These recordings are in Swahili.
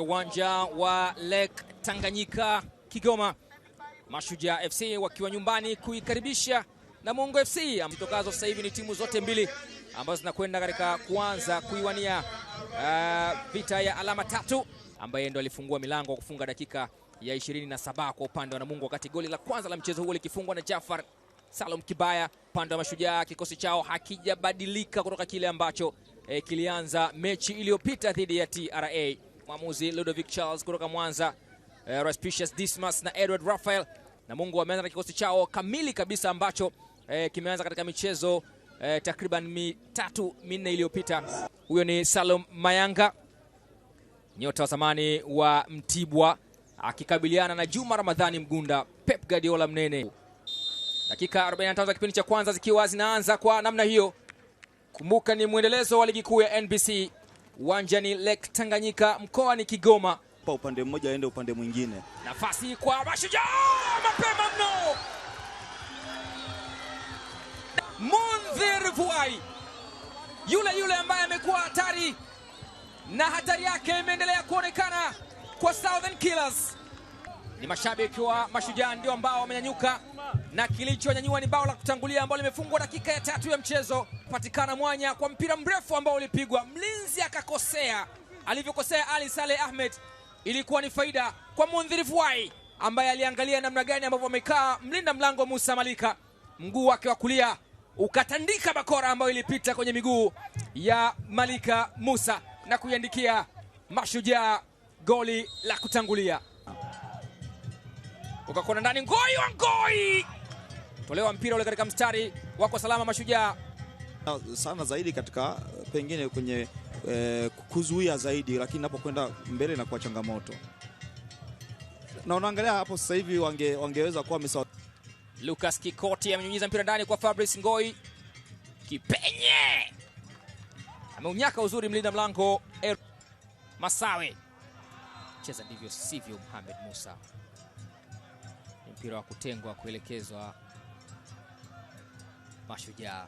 katika uwanja wa Lake Tanganyika Kigoma, Mashujaa FC wakiwa nyumbani kuikaribisha Namungo FC. Zitokazo sasa hivi ni timu zote mbili ambazo zinakwenda katika kuanza kuiwania uh, vita ya alama tatu, ambaye ndo alifungua milango kufunga dakika ya 27 kwa upande wa Namungo, wakati goli la kwanza la mchezo huo likifungwa na Jafar Salum Kibaya. Upande wa Mashujaa, kikosi chao hakijabadilika kutoka kile ambacho eh, kilianza mechi iliyopita dhidi ya TRA mwamuzi Ludovic Charles kutoka Mwanza, eh, Raspicious Dismas na Edward Raphael na Mungu wameanza na kikosi chao kamili kabisa ambacho eh, kimeanza katika michezo eh, takriban mitatu minne iliyopita. Huyo ni Salum Mayanga, nyota wa zamani wa Mtibwa akikabiliana na Juma Ramadhani Mgunda, Pep Guardiola mnene. Dakika 45 za kipindi cha kwanza zikiwa zinaanza kwa namna hiyo. Kumbuka ni mwendelezo wa ligi kuu ya NBC uwanja ni Lake Tanganyika mkoani Kigoma, pa upande mmoja aende upande mwingine. Nafasi kwa Mashujaa mapema mno, Munzir Vuai yule yule ambaye amekuwa hatari na hatari yake imeendelea kuonekana kwa Southern Killers ni mashabiki wa Mashujaa ndio ambao wamenyanyuka, na kilichonyanyua ni bao la kutangulia ambalo limefungwa dakika ya tatu ya mchezo. Patikana mwanya kwa mpira mrefu ambao ulipigwa, mlinzi akakosea. Alivyokosea Ali Saleh Ahmed ilikuwa ni faida kwa Mundhiri Fuai ambaye aliangalia namna gani ambavyo amekaa mlinda mlango Musa Malika, mguu wake wa kulia ukatandika bakora ambayo ilipita kwenye miguu ya Malika Musa na kuiandikia Mashujaa goli la kutangulia ukakona ndani, ngoi wa ngoi, tolewa mpira ule katika mstari wako salama. Mashujaa sana zaidi katika pengine kwenye eh, kuzuia zaidi, lakini napokwenda mbele inakuwa changamoto, na unaangalia hapo sasa hivi wange, wangeweza kuwa misa. Lucas Kikoti amenyunyiza mpira ndani kwa Fabrice Ngoi, kipenye ameunyaka uzuri mlinda mlango er... Masawe cheza ndivyo sivyo, Mohamed Musa mpira wa kutengwa kuelekezwa Mashujaa.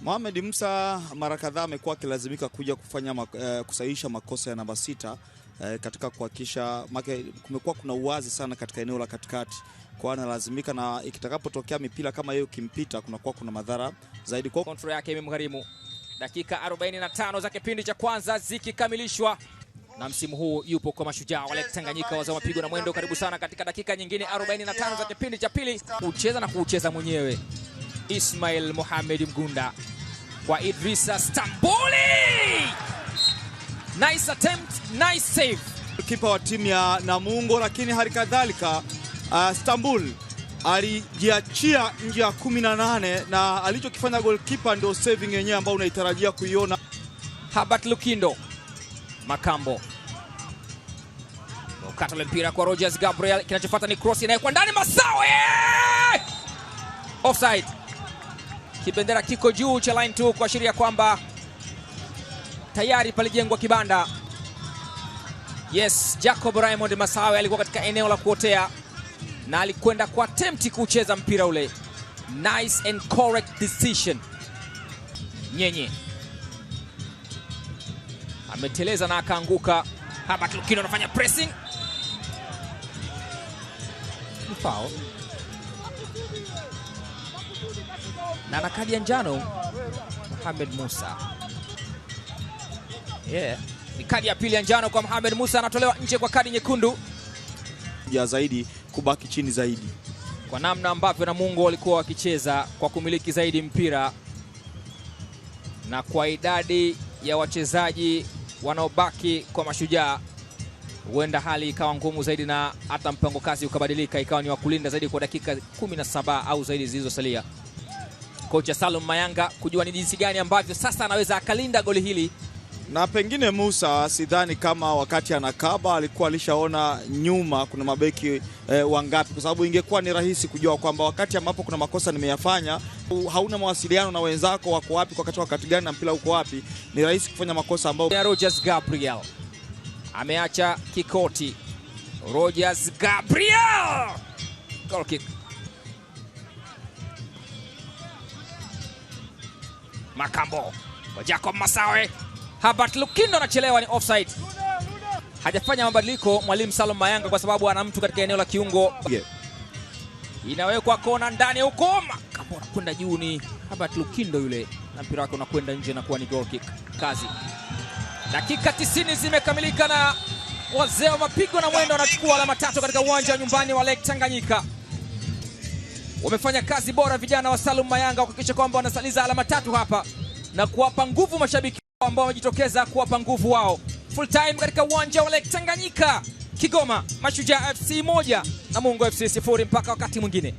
Mohamed Musa mara kadhaa amekuwa akilazimika kuja kufanya ma, eh, kusahihisha makosa ya namba sita eh, katika kuhakikisha make kumekuwa kuna uwazi sana katika eneo la katikati, kwa analazimika na ikitakapotokea mipira kama hiyo kimpita, kunakuwa kuna madhara zaidi. Kwa kontrol yake imemgharimu dakika 45 za kipindi cha kwanza zikikamilishwa na msimu huu yupo kwa mashujaa wale Tanganyika wazao mapigo na mwendo. Karibu sana katika dakika nyingine 45 za kipindi cha pili, kucheza na kucheza mwenyewe Ismail Mohamed Mgunda kwa Idrisa Stambuli. Nice attempt, nice save. Kipa wa timu ya Namungo, lakini hali kadhalika uh, Stambuli alijiachia nje ya 18 na alichokifanya goalkeeper ndio saving yenyewe ambayo unaitarajia kuiona. Habat Lukindo Makambo kata mpira kwa Rogers Gabriel, kinachofuata ni cross inayokuwa ndani, Masawe offside. Kibendera kiko juu cha line 2 kuashiria kwamba tayari palijengwa kibanda. Yes, Jacob Raymond Masawe alikuwa katika eneo la kuotea na alikwenda kwa attempt kucheza mpira ule. Nice and correct decision. Nyenye ameteleza na akaanguka. Hapa Lukino anafanya pressing foul na na kadi ya njano Mohamed Musa. Yeah, ni kadi ya pili ya njano kwa Mohamed Musa, anatolewa nje kwa kadi nyekundu ya zaidi kubaki chini zaidi, kwa namna ambavyo Namungo walikuwa wakicheza kwa kumiliki zaidi mpira na kwa idadi ya wachezaji wanaobaki kwa Mashujaa, huenda hali ikawa ngumu zaidi na hata mpango kazi ukabadilika ikawa ni wakulinda zaidi kwa dakika 17 au zaidi zilizosalia. Kocha Salum Mayanga kujua ni jinsi gani ambavyo sasa anaweza akalinda goli hili na pengine Musa, sidhani kama wakati anakaba alikuwa alishaona nyuma kuna mabeki e, wangapi, kwa sababu ingekuwa ni rahisi kujua kwamba wakati ambapo kuna makosa nimeyafanya, hauna mawasiliano na wenzako, wako wapi kwa wakati wakati gani na mpira uko wapi, ni rahisi kufanya makosa ambayo. Rogers Gabriel ameacha kikoti. Rogers Gabriel goal kick. Makambo Jacob Masawe Herbert Lukindo anachelewa, ni offside. Hajafanya mabadiliko mwalimu Salum Mayanga kwa sababu ana mtu katika eneo la kiungo. Inawekwa kona ndani huko, Makambona anakwenda juu, ni Herbert Lukindo yule, na mpira wake unakwenda nje na kuwa ni goal kick. Kazi dakika 90 zimekamilika na wazee wa mapigo na mwendo wanachukua alama tatu katika uwanja wa nyumbani wa Lake Tanganyika. Wamefanya kazi bora vijana wa Salum Mayanga kuhakikisha kwamba wanasaliza alama tatu hapa na kuwapa nguvu mashabiki ambao wamejitokeza kuwapa nguvu wao. Full time katika uwanja wa Lake Tanganyika, Kigoma, Mashujaa FC moja na Mungo FC sifuri mpaka wakati mwingine.